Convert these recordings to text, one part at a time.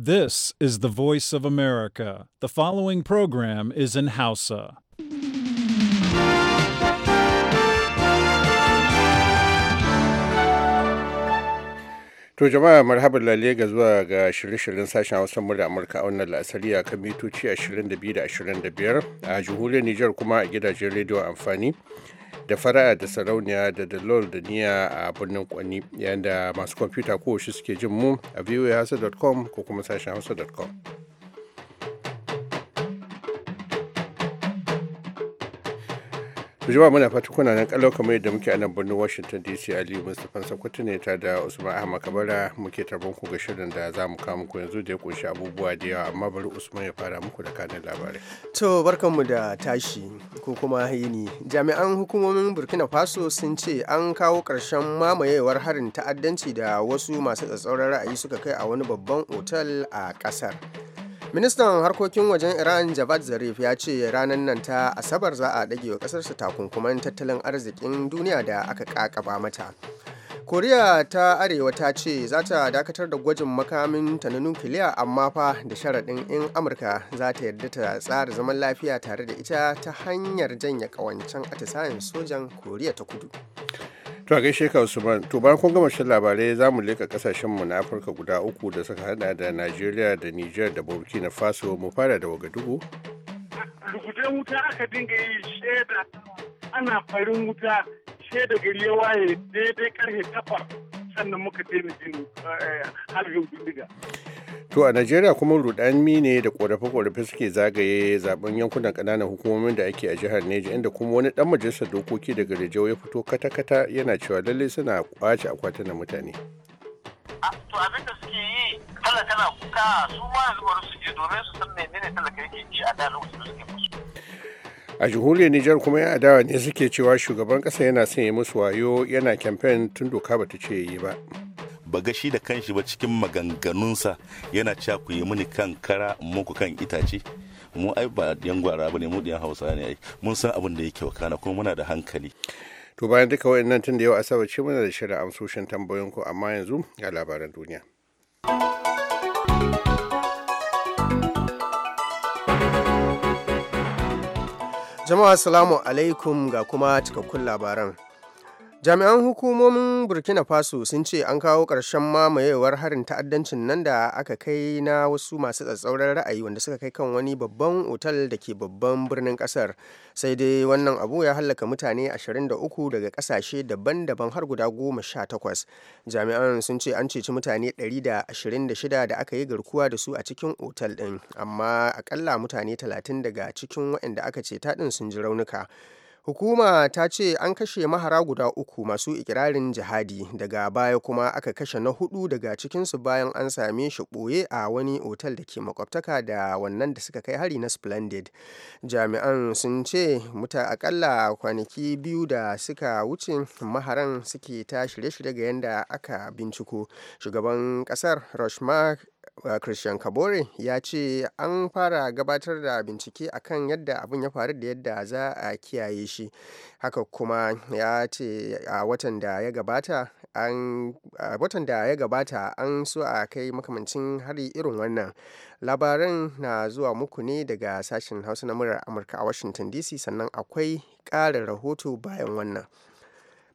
This is the voice of America. The following program is in Hausa. To jama'a marhaban lalle ga zuwa ga shirye-shiryen sashen Hausa murya Amurka a wannan la'asari a kan mitoci 22 da 25 a jihuriyar Nijar kuma a gidajen rediyo amfani da fara'a da sarauniya da dalol da niya a birnin kwani yayin da masu kwamfuta kowace suke jin mu a voahausa.com ko kuma sashen hausa.com to jama'a muna fata kuna nan kallon kamar yadda muke a nan birnin washington dc ali mustapha sakwato ne ta da usman ahmad kabara muke tarbon ku ga shirin da za mu kawo muku yanzu da ya kunshi abubuwa da yawa amma bari usman ya fara muku da kanin labarai to barkanmu da tashi ko kuma yini jami'an hukumomin burkina faso sun ce an kawo karshen mamayewar harin ta'addanci da wasu masu tsatsauran ra'ayi suka kai a wani babban otal a kasar. ministan harkokin wajen iran javad zarif ya ce ranar nan ta asabar za a dage wa ƙasarsa takunkuman tattalin arzikin duniya da aka ƙaƙaba mata koriya ta arewa ta ce za ta dakatar da gwajin makamin ta na nukiliya amma fa da sharaɗin in amurka za ta yarda ta tsara zaman lafiya tare da ita ta hanyar janye ƙawancen atisayen sojan koriya ta kudu To a gaishe ka ban, to kun gama shan labarai za mu leka kasashen mu na Afirka guda uku da suka hada da Najeriya da Nijar da Burkina Faso mu fara da Wagadugu. Rugujen wuta aka dinga yi shaida ana farin wuta shaida gari ya waye daidai karfe takwas sannan muka daina har yau bindiga. To a Najeriya kuma rudani ne da korafe-korafe suke zagaye zaben yankunan kananan hukumomin da ake a jihar Neja inda kuma wani dan majalisar dokoki daga Rijau ya fito kata-kata yana cewa lalle suna kwace akwatunan mutane. Ah, to abin da suke yi kala tana kuka su ma su je su san menene talaka yake a da na da a jihuriyar nijar kuma yan adawa ne suke cewa shugaban kasa yana son ya musu wayo yana kyamfen tun doka bata ce yi ba ba ga shi da kanshi ba cikin maganganunsa yana cewa ku yi mini kan kara muku kan itace mu ai ba yan gwara ba ne mu yan hausa ne ai mun san abin da yake wakana kuma muna da hankali to bayan duka wayannan tun da yau asabar ce muna da shirin amsoshin tambayoyin ku amma yanzu ga labaran duniya jama'a assalamu alaikum ga kuma cikakkun labaran jami'an hukumomin burkina faso sun ce an kawo ƙarshen mamayewar harin ta'addancin nan da aka kai na wasu masu tsatsauran ra'ayi wanda suka kai kan wani babban otal da ke babban birnin kasar sai dai wannan abu ya hallaka mutane 23 daga kasashe daban-daban har guda 18 jami'an sun ce an ceci mutane 126 da aka yi garkuwa da su a cikin otal din amma akalla mutane 30 daga cikin waɗanda aka ceta ɗin sun ji raunuka hukuma ta ce an kashe mahara guda uku masu ikirarin jihadi daga baya kuma aka kashe na hudu daga cikinsu bayan an same shi ɓoye a wani otal da ke makwabtaka da wannan da suka kai hari na splendid jami'an sun ce muta akalla kwanaki biyu da suka wuce maharan suke ta shirye-shirye ga yadda aka binciko shugaban kasar rushmark christian kabore ya ce an fara gabatar da bincike akan yadda abin ya faru da yadda za a kiyaye shi haka kuma ya ce a watan da ya gabata an watan da ya gabata an so a kai makamancin hari irin wannan labaran na zuwa muku ne daga sashen hausa na murar amurka a washington dc sannan akwai ƙarin rahoto bayan wannan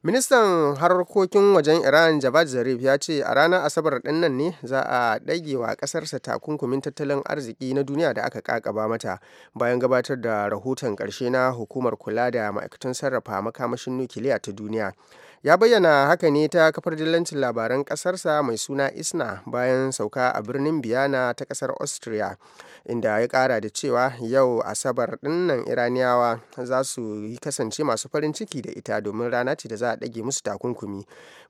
ministan harkokin wajen iran javad zarif ya ce a ranar asabar ɗin nan ne za a ɗage wa ƙasarsa takunkumin tattalin arziki na duniya da aka ƙaƙaba mata bayan gabatar da rahoton ƙarshe na hukumar kula da ma'aikatan sarrafa makamashin nukiliya ta duniya ya bayyana haka ne ta kafar dillancin labaran kasarsa mai suna isna bayan sauka a birnin biyana ta kasar austria inda ya kara da cewa yau asabar dinnan iraniyawa za su kasance masu farin ciki da ita domin rana ce da za a ɗage musu takunkumi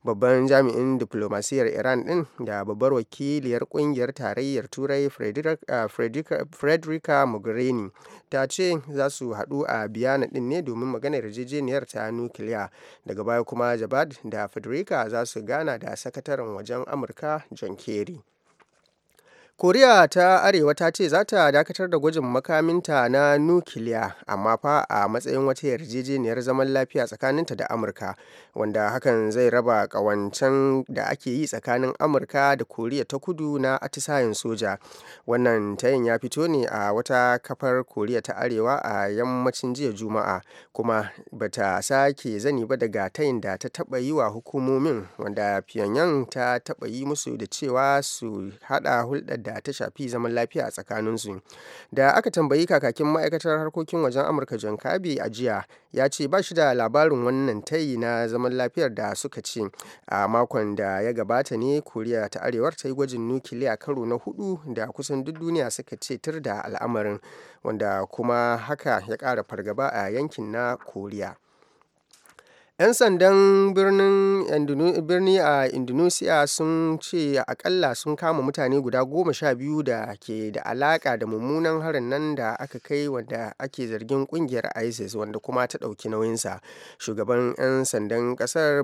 Babban jami'in diflomasiyar Iran din da babbar wakiliyar kungiyar Tarayyar Turai eh, frederica Mogherini ta ce za su hadu a Biyana din ne domin maganar yarjejeniyar ta nukiliya. Daga baya kuma Jabad da frederica za su gana da sakataren wajen Amurka John Kerry. koriya ta arewa ta ce za ta dakatar da gwajin makaminta na nukiliya amma fa a matsayin wata yarjejeniyar zaman lafiya tsakaninta da amurka wanda hakan zai raba kawancen da ake yi tsakanin amurka da koriya ta kudu na atisayen soja wannan tayin ya fito ne a wata kafar koriya ta arewa a yammacin jiya juma'a kuma bata sake zani ba daga tayin da ta taba yi wa hukumomin wanda pyongyang ta taba yi musu da cewa su hada hulɗar da ta shafi zaman lafiya a tsakanin su da aka tambayi kakakin ma'aikatar harkokin wajen amurka john kabi a jiya ya ce ba shi da labarin wannan tayi na zaman lafiyar da suka ce a makon da ya gabata ne koriya ta arewar ta yi gwajin nukiliya karo na hudu da kusan duk duniya suka ce tur da al'amarin wanda kuma haka ya ƙara fargaba a yankin na koriya ‘Yan sandan birni a Indonesia sun ce akalla sun kama mutane guda goma sha biyu da ke da alaƙa da mummunan harin nan da aka kai wanda ake zargin ƙungiyar isis wanda kuma ta ɗauki nauyinsa shugaban 'yan sandan ƙasar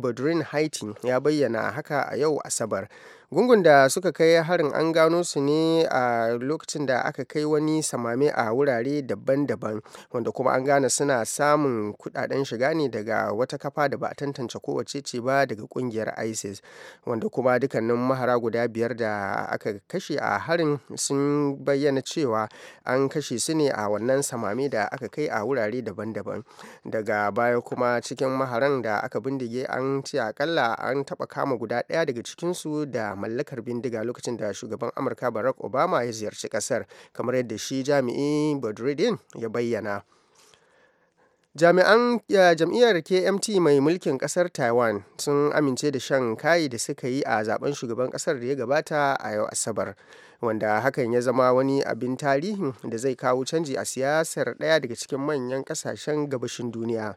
badrin haiti ya bayyana haka a yau asabar gungun da suka kai harin an gano su ne a lokacin da aka kai wani samame a wurare daban-daban wanda kuma an gane suna samun kudaden shiga ne daga wata kafa da ba a tantance kowace ce ba daga kungiyar isis wanda kuma dukkanin mahara guda biyar da aka kashe a harin sun bayyana cewa an kashe su ne a wannan samame da aka kai a wurare daban-daban daga baya kuma cikin maharan da aka bindige an ce akalla an taba kama guda daya daga cikinsu da mallakar bindiga lokacin da shugaban amurka barack obama ya ziyarci kasar kamar yadda shi jami'in badruddin ya bayyana jami'an jam'iyyar kmt mai mulkin kasar taiwan sun amince da shan kayi da suka yi a zaben shugaban kasar da ya gabata a yau asabar wanda hakan ya zama wani abin tarihin da zai kawo canji a siyasar ɗaya daga cikin manyan ƙasashen gabashin duniya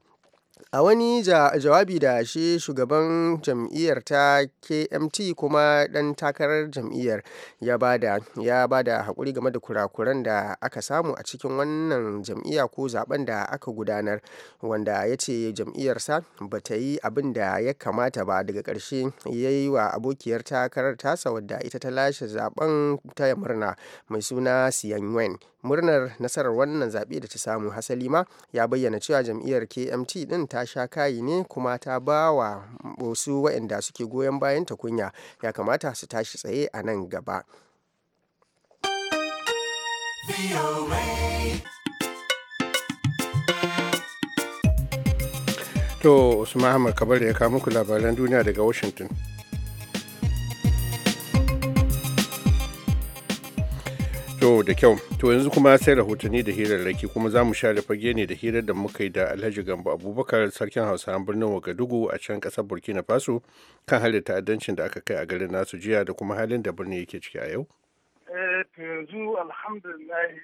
a wani jawabi da shi shugaban jam'iyyar ta kmt kuma dan takarar jam'iyyar ya bada ya bada hakuri game da kurakuran da aka samu a cikin wannan jam'iyya ko zaben da aka gudanar wanda ya ce jam'iyyarsa ba ta yi abin da ya kamata ba daga ƙarshe ya yi wa abokiyar takarar tasa wadda ita ta lashe zaben taya murna mai suna siyan murnar nasarar wannan zaɓe da ta samu hasali ma ya bayyana cewa jam'iyyar kmt din ɗin ta sha kayi ne kuma ta ba wa wasu waɗanda suke goyon bayan ta kunya ya kamata su tashi tsaye a nan gaba. To Usman Ahmad Kabar ya kawo muku labaran duniya daga Washington. To da kyau, to yanzu kuma sai rahotanni da hirarraki kuma za mu share fage ne da hirar da muka yi da Alhaji Gambo Abubakar sarkin hausa Hausawan birnin Wagadugu a can kasar Burkina Faso kan halin ta'addancin da aka kai a garin nasu jiya da kuma halin da birnin yake ciki a yau. Eh to yanzu alhamdulillah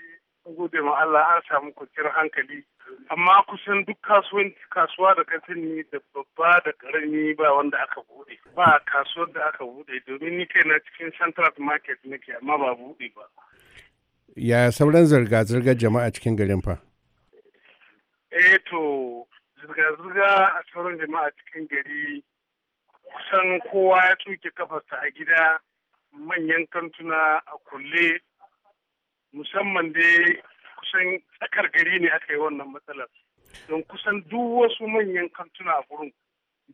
gode ma Allah an samu kwanciyar hankali amma kusan duk kasuwanci kasuwa da ka sani da babba da karami ba wanda aka bude ba kasuwar da aka bude domin ni kai na cikin central market nake amma ba bude ba ya sauran zirga-zirgar jama'a cikin garin fa eh to zirga-zirga a sauran jama'a cikin gari kusan kowa ya tuke kafarsa a gida manyan kantuna a kulle musamman dai kusan tsakar gari ne aka yi wannan matsalar don kusan duk wasu manyan kantuna a gurin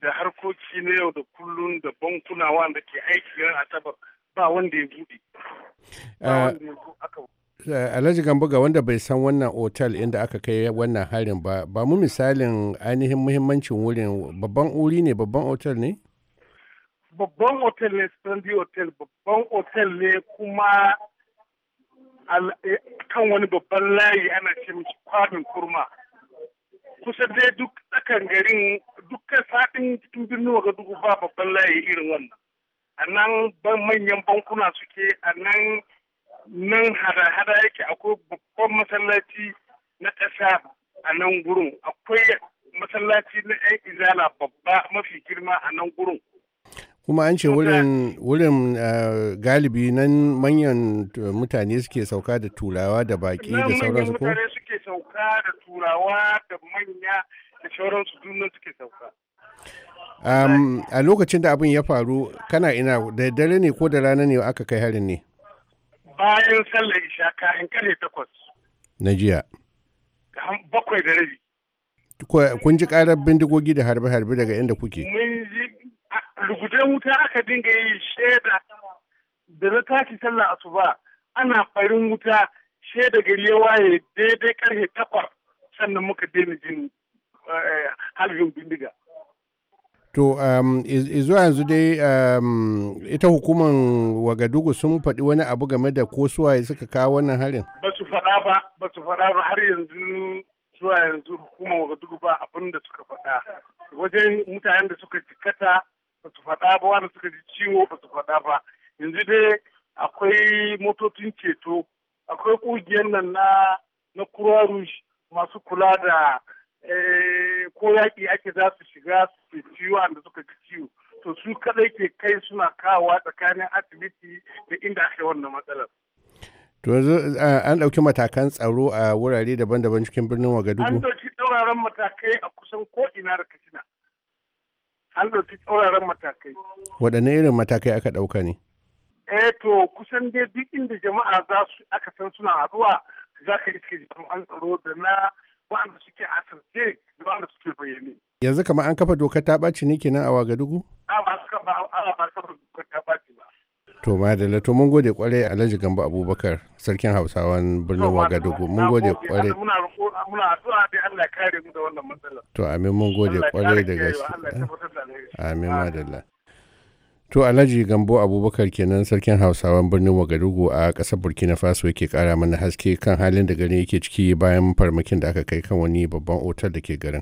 da harkoki na yau da kullun da bankuna wanda ke aiki ran asabar ba wanda ya bude. Eh, alhaji gambo ga wanda bai san wannan otal inda aka kai wannan harin ba ba mu misalin ainihin muhimmancin wurin babban wuri ne babban otal ne babban otal ne stanley otal babban otal ne kuma eh, kan wani babban layi ana ce mishi kwamin kurma kusa dai duk tsakan garin dukkan sa'in cikin birnin waga dubu ba babban layi irin wannan a nan manyan bankuna suke a nan nan hada-hada yake akwai babban masallaci na ƙasa a nan gurin akwai masallaci na 'yan izala babba mafi girma a nan gurin kuma an ce wurin eh, galibi nan manyan eh, mutane suke sauka da turawa da baki da sauransu ko mutane suke sauka da turawa da manya da sauransu dunan suke sauka a lokacin da abin ya faru kana ina da dare ne ko da rana ne aka kai harin ne bayan sallar isha kayan karfe takwas. Na jiya. Bakwai da rabi. Kun ji karar bindigogi da harbe-harbe daga inda kuke? Mun ji rugudan wuta aka dinga yi shaida da na tashi sallar asuba ana farin wuta shaida gari ya waye daidai karfe takwas sannan muka daina jin eh, halin bindiga. to um, zuwa yanzu dai um, ita hukumar wagadugu sun faɗi wani abu game da ko suwaye suka kawo wannan harin ba su faɗa ba ba su faɗa ba har yanzu zuwa yanzu hukumar wagadugu ba abin da suka faɗa wajen mutanen da suka jikata ba su faɗa ba wanda suka ji ciwo ba su faɗa ba yanzu dai akwai motocin ceto akwai ƙungiyar nan na na masu kula da Eh, ko yaƙi ake za su shiga su ciwo da suka ci ciwo to su kadai ke kai suna kawo tsakanin asibiti da inda ake wannan matsalar. To yanzu eh, an ɗauki matakan tsaro a wurare daban-daban cikin birnin Wagadugu. An ɗauki tsauraran matakai a kusan ko'ina da Katsina. An ɗauki tsauraran matakai. Waɗanne irin matakai aka ɗauka ne? Eh to kusan dai duk inda jama'a za su aka san suna haɗuwa za ka iske jami'an tsaro da na wanda suke a asirce da wanda suke bayyane. Yanzu kamar an kafa dokar ta ɓaci ne kenan a Wagadugu? A ba su kafa a ba su kafa dokar ta ɓaci ba. To madalla to mun gode kwarai Alhaji Gambo Abubakar sarkin Hausawan birnin Wagadugu mun gode kwarai. Muna muna addu'a da Allah ya kare mu da wannan matsala. To amin mun gode kwarai da gaske. Amin madalla. to alhaji gambo abubakar kenan sarkin hausawan birnin wagadugu a ƙasar burkina faso yake kara mana haske kan halin da gani yake ciki bayan farmakin da aka kai kan wani babban otal da ke garin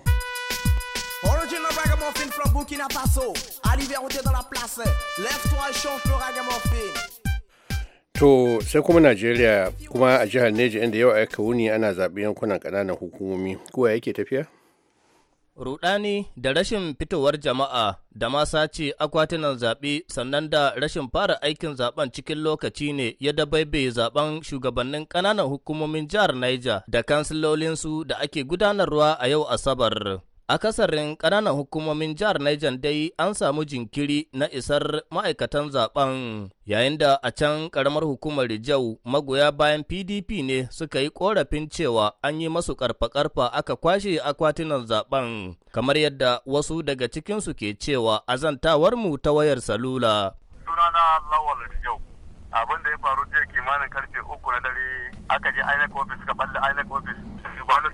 To sai kuma Najeriya kuma a jihar Neja inda yau aka wuni ana zaɓe yankunan ƙananan hukumomi. Kowa yake tafiya? Rudani da rashin fitowar jama'a da ma sace akwatunan zaɓe sannan da rashin fara aikin zaben cikin lokaci ne ya dabaibe zaben shugabannin ƙananan hukumomin jihar Niger da kansilolinsu da ake gudanarwa a yau Asabar. A Akasarin ƙananan hukumomin jihar Niger dai an samu jinkiri na isar ma'aikatan zaben yayin da a can ƙaramar hukumar Rijau magoya bayan PDP ne suka yi ƙorafin cewa an yi masu ƙarfa-ƙarfa aka kwashe akwatunan zaben kamar yadda wasu daga cikinsu ke cewa azantawar mu ta wayar salula. Sunana Lawal abin da ya faru jiya kimanin karfe uku na dare aka je INEC office ka balle INEC office.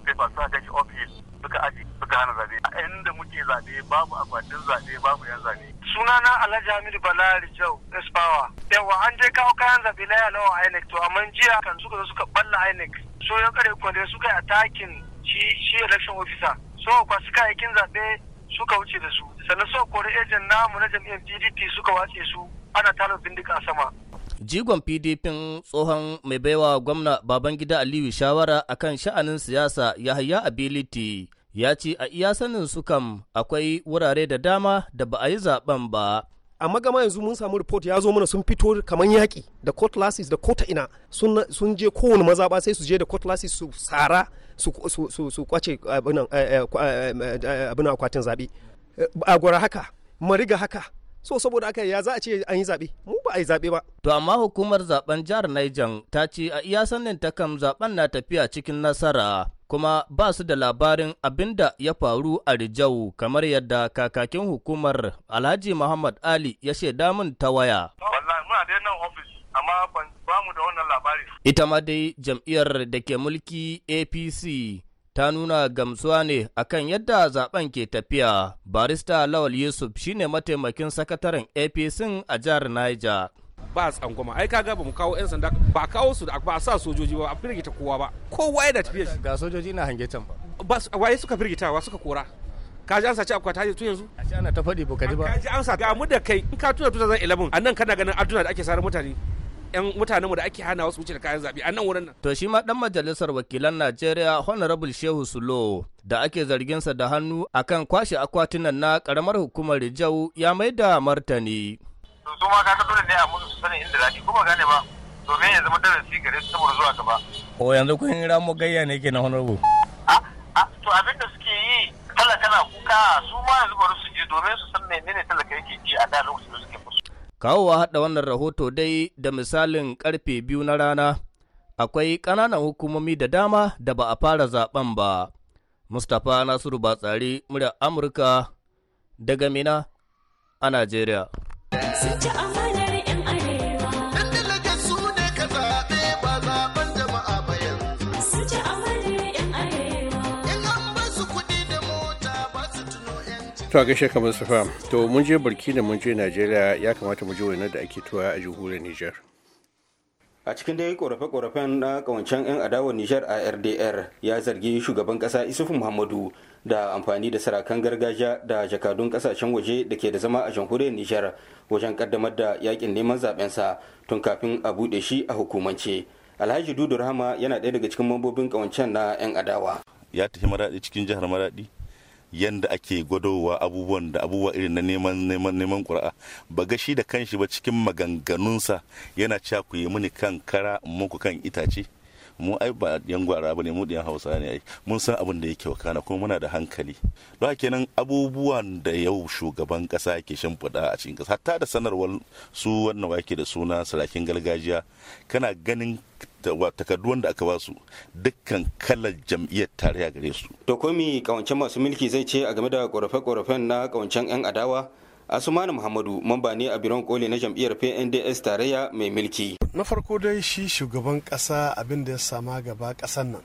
paper sa shi office suka aji suka hana zabe a inda muke zabe babu akwatin zabe babu yan zabe sunana alhaji hamidu bala rijau power yawa an je kawo kayan zabe laya lawa inec to amma jiya kan suka zo suka balla inec so yan kare suka yi attacking shi shi election officer so kwa suka aikin zabe suka wuce da su sannan suka kori ejen namu na jam'iyyar pdp suka wace su ana talo bindiga a sama Jigon PDP tsohon mai baiwa gwamna Babangida Aliyu shawara a kan sha'anin siyasa Yahaya Ability ya ce a iya sanin su kam akwai wurare da dama da ba a yi zaben ba. amma gama yanzu mun samu report ya zo mana sun fito kamar yaƙi da cutlasses da court ina sun je kowane mazaɓa sai su je da cutlasses su tsara su kwace abin eh, eh, eh, akwatin zaɓe a gwara haka mariga haka so saboda aka ya za a ce an yi zaɓe mu ba a yi zaɓe ba. to amma hukumar zaben jihar Niger ta ce a iya sannin ta kam zaben na tafiya cikin nasara kuma ba su da labarin abin da ya faru a Rijau kamar yadda kakakin hukumar Alhaji Muhammad Ali ya shaida min ta waya. wallahi muna da nan ofis amma ba mu da wannan labari. ita ma dai jam'iyyar da ke mulki APC ta nuna gamsuwa ne akan yadda zaben ke tafiya. Barista Lawal Yusuf shine mataimakin sakataren APC a jihar Niger. Ba tsangwama, ai kaga ba mu kawo 'yan sanda ba kawo su da ba sa sojoji ba, a firgita kowa ba. Kowa ya da tafiya shi. Ga sojoji na hange can ba. Waye suka firgita wa suka kora. ka ji an sace akwai ta tun yanzu a ce ana ta faɗi ba ka ji ba ka ji an sa ga mu da kai in ka tuna 2011 a nan kana ganin aduna da ake sarar mutane yan mutanenmu da ake hana wasu wuce da kayan zaɓe a nan wurin nan. To shi ma ɗan majalisar wakilan Najeriya Honorable Shehu Sulo da ake zarginsa da hannu akan kwashe akwatunan na ƙaramar hukumar Rijau ya mai da martani. To su ma ka ta dole ne a musu sanin inda zaɓe kuma gane ba domin ya zama darasi gare su saboda zuwa gaba. O yanzu kun yi ramu gayya ne ke na Honorable. A to abin da suke yi kala na kuka su ma yanzu bari su je domin su san menene talaka yake ji a da lokacin da suke Kawowa haɗa wannan rahoto dai da misalin karfe biyu na rana, akwai ƙananan hukumomi da dama da ba a fara zaɓen ba. Mustapha Nasiru Batsari, murya Amurka daga Mina a Najeriya. to a gaishe kamar sufa to mun je da mun je najeriya ya kamata mu je wani da ake tuwa a jamhuriyar niger a cikin dai korafe-korafen na kawancen 'yan adawar nijar a rdr ya zargi shugaban kasa isufu muhammadu da amfani da sarakan gargajiya da jakadun kasashen waje da ke da zama a jamhuriyar nijar wajen kaddamar da yakin neman zabensa tun kafin a bude shi a hukumance alhaji dudu rahama yana ɗaya daga cikin mambobin kawancen na 'yan adawa ya tafi maradi cikin jihar maradi yanda ake gwadowa abubuwan da abubuwa irin na neman neman neman ƙura'a ba ga shi da kanshi ba cikin maganganunsa yana cewa ku yi mini kan kara muku kan itace mu ai ba yan gwara ba ne mu ɗiyan hausa ne ai mun san abin da yake wakana kuma muna da hankali don haka kenan abubuwan da yau shugaban ƙasa yake shimfiɗa a cikin kasa hatta da sanarwar su wannan wake da suna sarakin gargajiya kana ganin takardu wanda aka ba su dukkan kalar jam'iyyar tarayya gare su. To komi kawancen masu mulki zai ce a game da korafe-korafen na kawancen 'yan adawa Asumani Muhammadu mamba ne a biron koli na jam'iyyar PNDS tarayya mai mulki. Na farko dai shi shugaban kasa abin da ya sama gaba kasan nan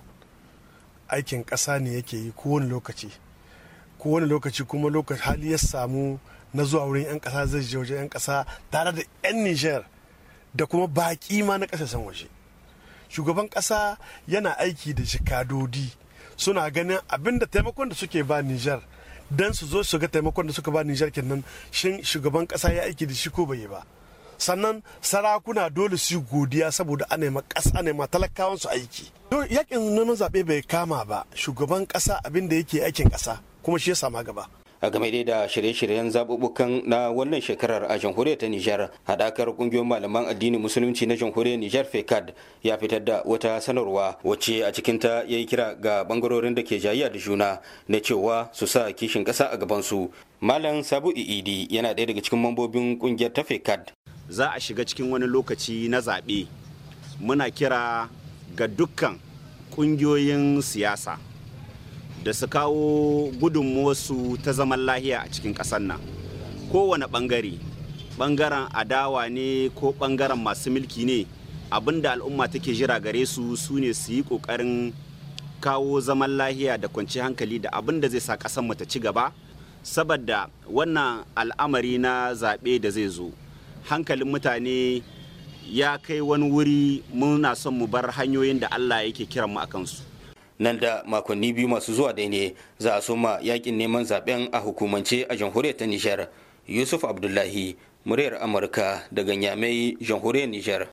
aikin kasa ne yake yi kowane lokaci. Kowane lokaci kuma lokaci hali ya samu na zuwa wurin 'yan kasa zai je wajen 'yan kasa tare da 'yan Nijar da kuma baƙi ma na ƙasashen waje. shugaban ƙasa yana aiki da jikadodi suna ganin abinda taimakon da suke ba Nijar don su zo su ga taimakon da suka ba Nijar kenan shin shugaban ƙasa ya aiki da shi ko bai ba sannan sarakuna dole su godiya saboda ana ma ƙasa ne ma talakawan su aiki yakin nuna zaɓe bai kama ba shugaban kasa abin da yake aikin ƙasa kuma shi ya sama gaba a game da shirye-shiryen zaɓuɓɓukan na wannan shekarar a jamhuriyar ta nijar haɗakar ƙungiyoyin malaman addinin musulunci na jamhuriyar nijar fecad ya fitar da wata sanarwa wacce a cikinta ya yi kira ga ɓangarorin da ke jayayya da juna na cewa su sa kishin ƙasa a gabansu malam sabu Idi yana daya daga cikin mambobin ƙungiyar ta fecad za a shiga cikin wani lokaci na zaɓe muna kira ga dukkan ƙungiyoyin siyasa da su kawo gudunmuwarsu ta zaman lahiya a cikin ƙasar nan kowane ɓangare ɓangaren adawa ne ko ɓangaren masu milki ne abinda al'umma take jira gare su su ne su yi ƙoƙarin kawo zaman lahiya da kwanci hankali da abin da zai sa ƙasar mu ta ci gaba saboda wannan al'amari na zaɓe da zai zo hankalin mutane ya kai wani wuri muna son mu bar hanyoyin da allah yake kiran mu a kansu nan da makonni biyu masu zuwa dai ne za a soma yakin neman zaben a hukumance a jamhuriyar ta nijar yusuf abdullahi muryar amurka daga nyamai jamhuriyar nijar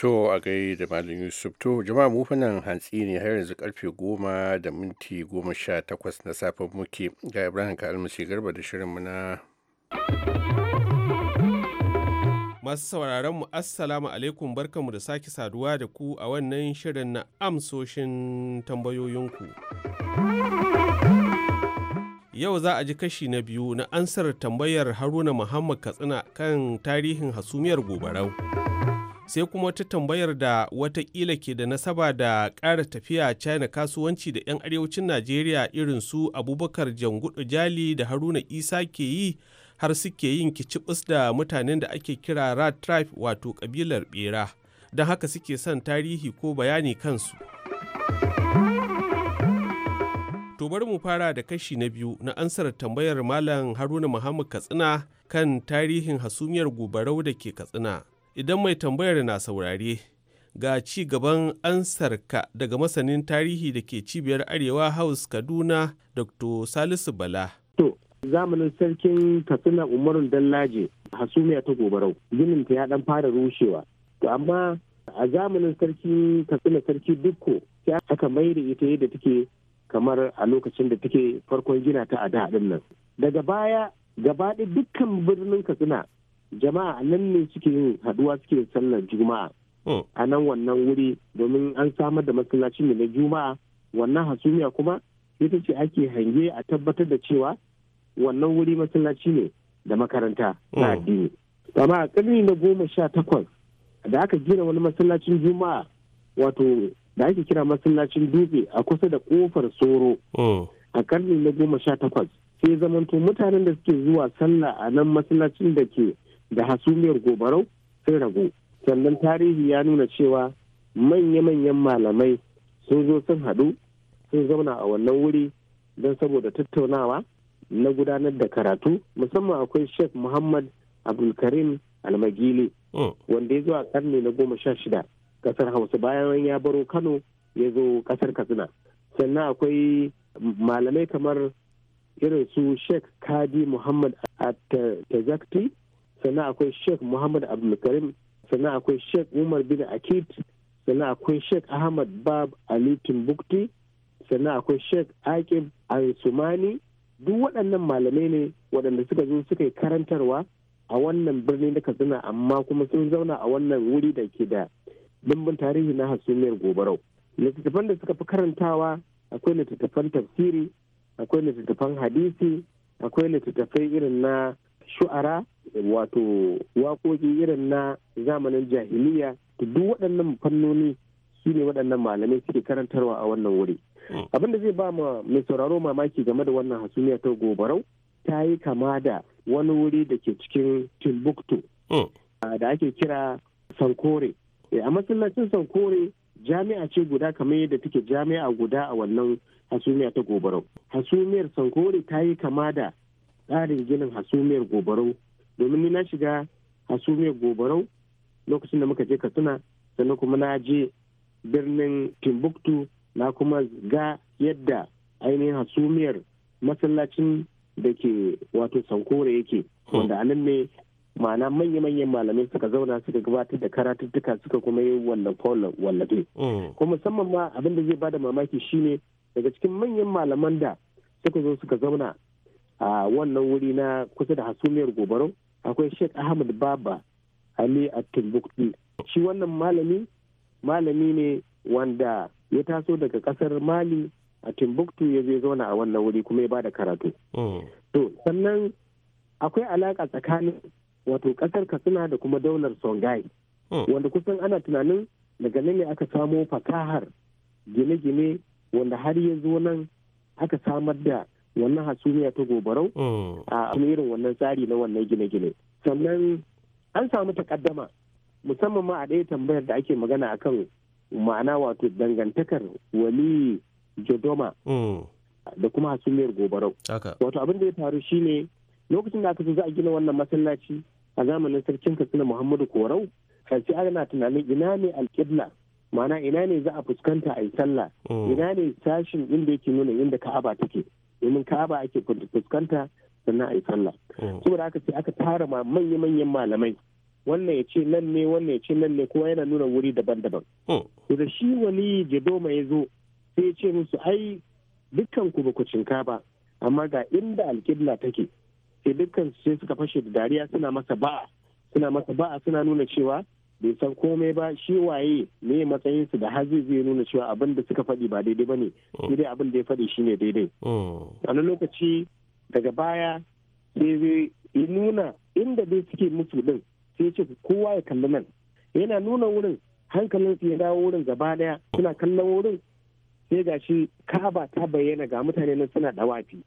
To a gai da Malam Yusuf to jama'a mu fanan hantsi ne har yanzu karfe goma da minti goma sha takwas na safen muke ga Ibrahim ka almasi garba da shirinmu na. Masu sauraron mu Assalamu alaikum barkanmu da sake saduwa da ku a wannan shirin na amsoshin tambayoyinku. Yau za a ji kashi na biyu na ansar tambayar Haruna Muhammad Katsina kan tarihin hasumiyar gobarau. sai kuma ta tambayar da watakila ke da nasaba da ƙara tafiya china kasuwanci da 'yan arewacin najeriya irin su abubakar jangudu jali da haruna isa ke yi har suke yin kicibis da mutanen da ake kira rat tribe wato kabilar bera don haka suke son tarihi ko bayani kansu to bari mu fara da kashi na biyu na ansar tambayar malam haruna muhammad katsina kan tarihin hasumiyar gobarau da ke katsina idan mai tambayar na saurare ga ci gaban ansarka daga masanin tarihi da ke cibiyar arewa house kaduna dr salisu bala to zamanin sarkin katsina umarun dallaje hasumiya ta gobarau ginin ta ya dan fara rushewa to amma a zamanin sarki katsina sarki dukko ya aka mai da ita yadda take kamar a lokacin da take farkon gina ta a da nan daga baya gabaɗe dukkan birnin katsina jama'a nan ne suke yin haduwa suke sallah sallar juma'a oh. a nan wannan wuri domin an samar da masallaci ne na juma'a wannan hasumiya kuma ita ce ake hange a tabbatar da cewa wannan wuri masallaci ne da makaranta na oh. addini amma a ƙarni na goma sha takwas da aka gina wani masallacin juma'a wato da ake kira masallacin dutse a kusa da kofar soro oh. a ƙarni na goma sha takwas sai zamanto mutanen da suke zuwa sallah a nan masallacin da ke da hasumiyar gobarau sun ragu sannan tarihi ya nuna cewa manya-manyan malamai sun zo sun haɗu sun zauna a wannan wuri don saboda tattaunawa na gudanar da karatu musamman akwai sheikh muhammad abdulkarim almagili hmm. wanda ya zo a karni na goma sha shida kasar hausa bayan ya baro kano ya zo kasar katsina sannan akwai malamai kamar irin su sheikh kadi muhammad at sannan akwai sheikh muhammad abdulkarim sannan akwai sheikh umar bin akit sannan akwai sheikh ahmad bab ali timbukti sannan akwai sheikh aqib al-sumani duk waɗannan malamai ne waɗanda suka zo suka yi karantarwa a wannan birni na katsina amma kuma sun zauna a wannan wuri da ke da dimbin tarihi na hasumiyar gobarau littattafan da suka fi karantawa akwai littattafan tafsiri akwai littattafan hadisi akwai littattafai irin na shu'ara wato waƙoƙi irin na zamanin jahiliya da duk waɗannan fannoni su ne waɗannan malamai suke karantarwa a wannan wuri hmm. abin da zai ba ma mai sauraro mamaki game da wannan hasumiya ta gobarau ta yi kama da wani wuri da ke cikin timbuktu hmm. da ake kira sankore e, a masallacin sankore jami'a ce guda kamar yadda take jami'a guda a wannan hasumiya ta gobarau hasumiyar sankore ta yi kama da tsarin ginin hasumiyar gobarau domin ni na shiga hasumiyar gobarau lokacin da muka je katsina sannan kuma na je birnin timbuktu na kuma ga yadda ainihin hasumiyar masallacin da ke wato sankore yake hmm. wanda a nan ne ma'ana manya-manyan malamai suka zauna suka gabatar da karatuttuka suka kuma yi wannan wallafe hmm. kuma musamman ma abin da zai bada mamaki shine daga cikin manyan malaman da suka zo suka zauna a wannan wuri na kusa da hasumiyar gobarau akwai sheikh ahmad baba ali a timbuktu shi wannan malami malami ne wanda ya taso daga kasar mali a timbuktu ya zai zauna a wannan wuri kuma ya ba da karatu hmm. to sannan akwai alaka tsakanin wato kasar katsina da kuma daular songhai hmm. wanda kusan ana tunanin daga nan ne aka samo fakahar gine-gine wanda har ya zo nan aka samar da wannan hasumiya ta gobarau mm. a irin wannan tsari na wannan gine-gine sannan an samu takaddama musamman ma a ɗaya tambayar da ake magana akan ma'ana wato dangantakar wali jodoma mm. da kuma hasumiyar gobarau wato abin da ya faru shine lokacin da aka so za a gina wannan masallaci a zamanin sarkin katsina muhammadu korau sai ana tunanin ina ne alƙibla ma'ana ina ne za a fuskanta a yi sallah mm. ina ne sashin inda yake nuna inda ka'aba take domin ka'aba ake fuskanta sannan a yi sallah mm. saboda aka sai aka tara ma manya-manyan malamai wannan ya ce nan ne wannan ya ce nan ne kowa yana nuna wuri daban-daban mm. to da shi wani jadoma ya zo sai ya ce musu ai dukkan ku ba ku cinka ba amma ga inda alƙibla take sai dukkan sai suka fashe da dariya suna masa ba'a suna masa ba'a suna nuna cewa bai san komai ba shi waye ne matsayinsu da har zai zai nuna cewa abin da suka faɗi ba daidai ba ne oh. shi dai abin da ya faɗi shi ne daidai oh. wani lokaci daga baya sai zai nuna inda dai suke mutu din sai ce kowa ya kalli nan yana nuna wurin hankalin su ya dawo wurin gaba daya suna kallon wurin sai ga shi kaba ta bayyana ga mutane nan suna dawafi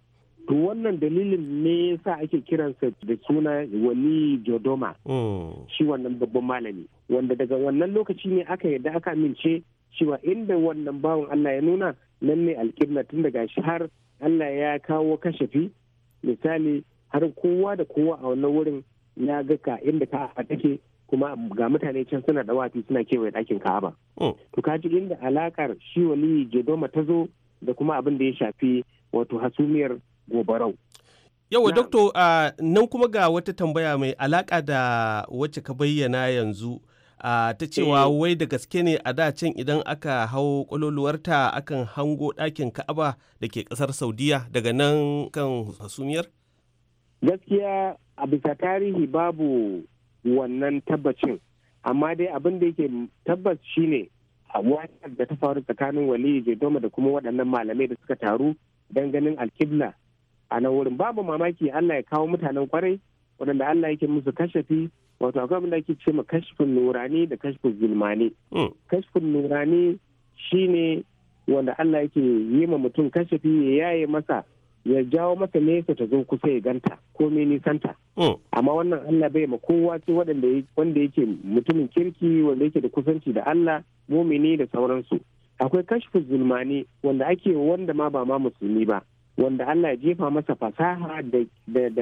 to wannan dalilin ne yasa ake kiransa da suna wani jodoma oh. shi wannan babban malami wanda daga wannan lokaci ne aka yadda aka amince cewa inda wannan bawan Allah ya nuna nan ne alƙibla tun daga shi har Allah ya kawo kashafi misali har kowa da kowa a wannan wurin ya ga ka inda a take kuma ga mutane can suna dawafi suna kewaye ɗakin ka'aba. Oh. To ka ji inda alakar shi wani Gedoma ta zo da kuma abin da ya shafi wato hasumiyar gobarau. Yawa doktor nan kuma ga wata tambaya mai alaka da wacce ka bayyana yanzu ta cewa eh. wai da gaske ne a da can idan aka hau kwaloluwarta akan hango ɗakin ka'aba da ke ƙasar saudiya daga nan kan hasumiyar gaskiya a bisa tarihi babu wannan tabbacin amma dai abin da yake tabbas shine wata da ta faru tsakanin je jedoma da kuma waɗannan malamai da suka taru don ganin alkibla a nan wurin babu mamaki allah ya kawo mutanen kwarai waɗanda allah yake musu kashafi wato akwai abin da ake ce ma kashfin nurani da kashfin zulmani hmm. kashfin nurani shine wanda Allah yake yi ma mutum kashafi ya yaye masa ya jawo masa nesa ta zo kusa ya ganta ko me nisanta hmm. amma wannan Allah bai ma kowa ce wanda yake mutumin kirki wanda yake da kusanci da Allah mumini da sauransu akwai kashfin zulmani wanda ake wanda ma ba ma musulmi ba wanda Allah ya jefa masa fasaha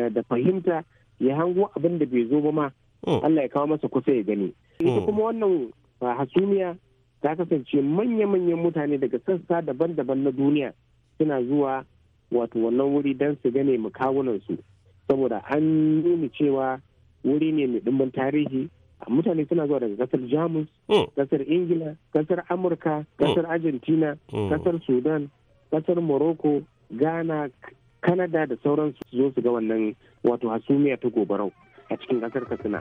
da fahimta ya hango abin da bai zo ba ma Oh. Allah ya kawo masa kusa ya gani ita oh. kuma wannan ah, hasumiya ta kasance manya-manyan mutane daga sassa daban-daban na duniya suna zuwa wato wannan wuri don su gane makawunansu saboda an nuna cewa wuri ne mai dimbin tarihi ah, mutane suna zuwa daga kasar jamus kasar oh. ingila kasar amurka kasar argentina kasar sudan kasar morocco ghana kanada da sauransu su zo su ga wannan wato hasumiya ta gobarau a cikin katsina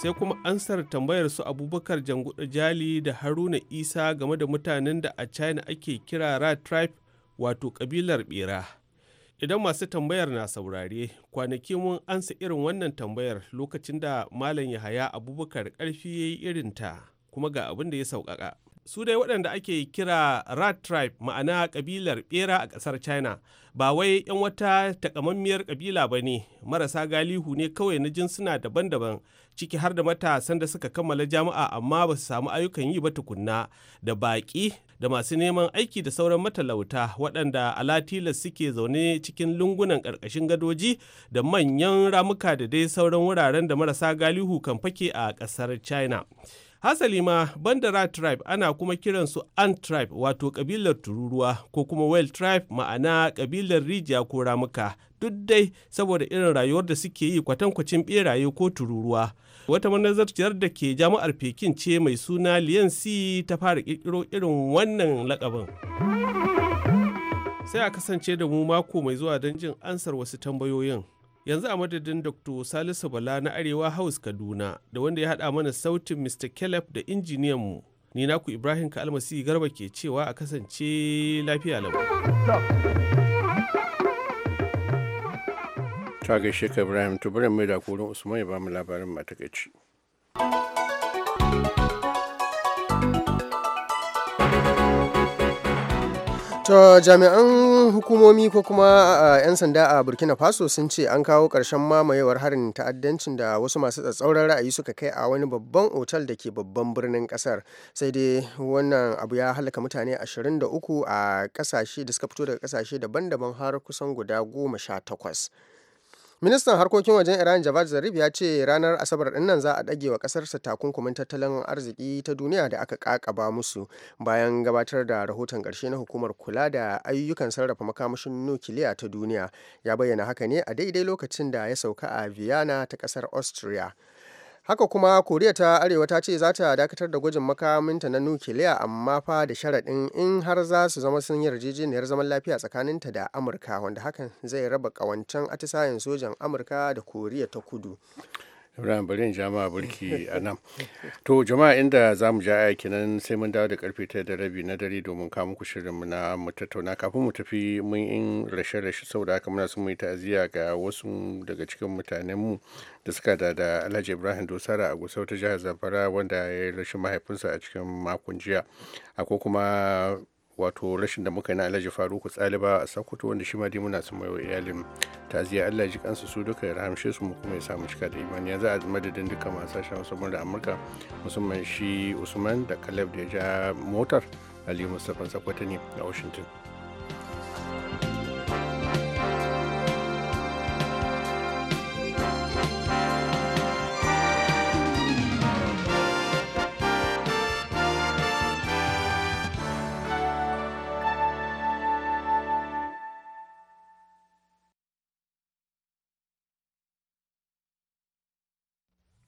sai kuma ansar tambayar su abubakar janguda jali da haruna isa game da mutanen da a china ake kira rat tribe wato kabilar bera idan masu tambayar na saurare kwanaki mun ansa irin wannan tambayar lokacin da malam yahaya abubakar karfi ya yi irinta kuma ga abin da ya sauƙaƙa su dai waɗanda ake kira rat tribe ma'ana ƙabilar ɓera a ƙasar china ba wai 'yan wata takamammiyar ƙabila ba ne marasa galihu ne kawai na jinsuna daban-daban ciki har da matasan da suka kammala jami'a amma ba su samu ayyukan yi ba tukunna da baƙi da masu neman aiki da sauran matalauta waɗanda alatilas suke zaune cikin lungunan ƙarƙashin gadoji da manyan ramuka da dai sauran wuraren da marasa galihu kan fake a ƙasar china Hasali ma Bandara tribe ana kuma kiransu Ant tribe wato kabilar tururuwa ko kuma Whale tribe ma'ana kabilar rijiya ko ramuka duk dai saboda irin rayuwar da suke yi kwatankwacin beraye ko tururuwa. Wata manazarciyar da ke jami'ar Pekin ce mai suna Liyansi Si ta fara kirkiro irin wannan lakabin. Sai a kasance da mu mako mai zuwa don jin ansar wasu tambayoyin. yanzu a madadin dr salisu bala na arewa house kaduna da wanda ya haɗa mana sautin mr caleb da injiniyanmu ni naku ibrahim ka almasi garba ke cewa a kasance lafiya lau ta gaishe ka ibrahim tuburin mai da kurin usman ya ba mu labarin matakaici To jami'an hukumomi ko kuma 'yan sanda a Burkina Faso sun ce an kawo ƙarshen mamayewar harin ta'addancin da wasu masu tsatsauran ra'ayi suka kai a wani babban otal da ke babban birnin ƙasar. Sai dai wannan abu ya halaka mutane 23 a kasashe da suka fito daga kasashe daban-daban har kusan guda goma sha takwas. ministan harkokin wajen iran javad zarif ya ce ranar asabar din nan za a dage wa ƙasarsa takunkumin tattalin arziki ta duniya da aka ƙaƙaba musu bayan gabatar da rahoton karshe na hukumar kula da ayyukan sarrafa makamashin nukiliya ta duniya ya bayyana haka ne a daidai lokacin da ya sauka a vienna ta kasar austria haka kuma koriya ta arewa ta ce za ta dakatar da gwajin makaminta na nukiliya amma fa da sharaɗin in har za su zama sun yarjejeniyar zaman lafiya tsakaninta da amurka wanda hakan zai raba ƙawancen atisayen sojan amurka da koriya ta kudu Ibrahim barin jama'a burki a nan. To jama'a inda za mu ja aiki nan sai mun dawo da karfe ta da rabi na dare domin kawo muku shirin na mu tattauna kafin mu tafi mun in rashe-rashe saboda haka muna son mu yi ta'aziyya ga wasu daga cikin mutanen mu da suka da da Alhaji Ibrahim Dosara a Gusau ta jihar Zamfara wanda ya rashin mahaifinsa a cikin makon jiya. Akwai kuma wato rashin da muka yi na alhaji faruku tsaliba a sakkwato wanda shi ma dai muna sun maiwa iyalin taziya allah ji kansu su duka ya rahamshe su mu kuma ya samu cika da imani yanzu a madadin duka masu sashen musamman da amurka musamman shi usman da kalab da ya ja motar ali mustapha sakkwato ne a washington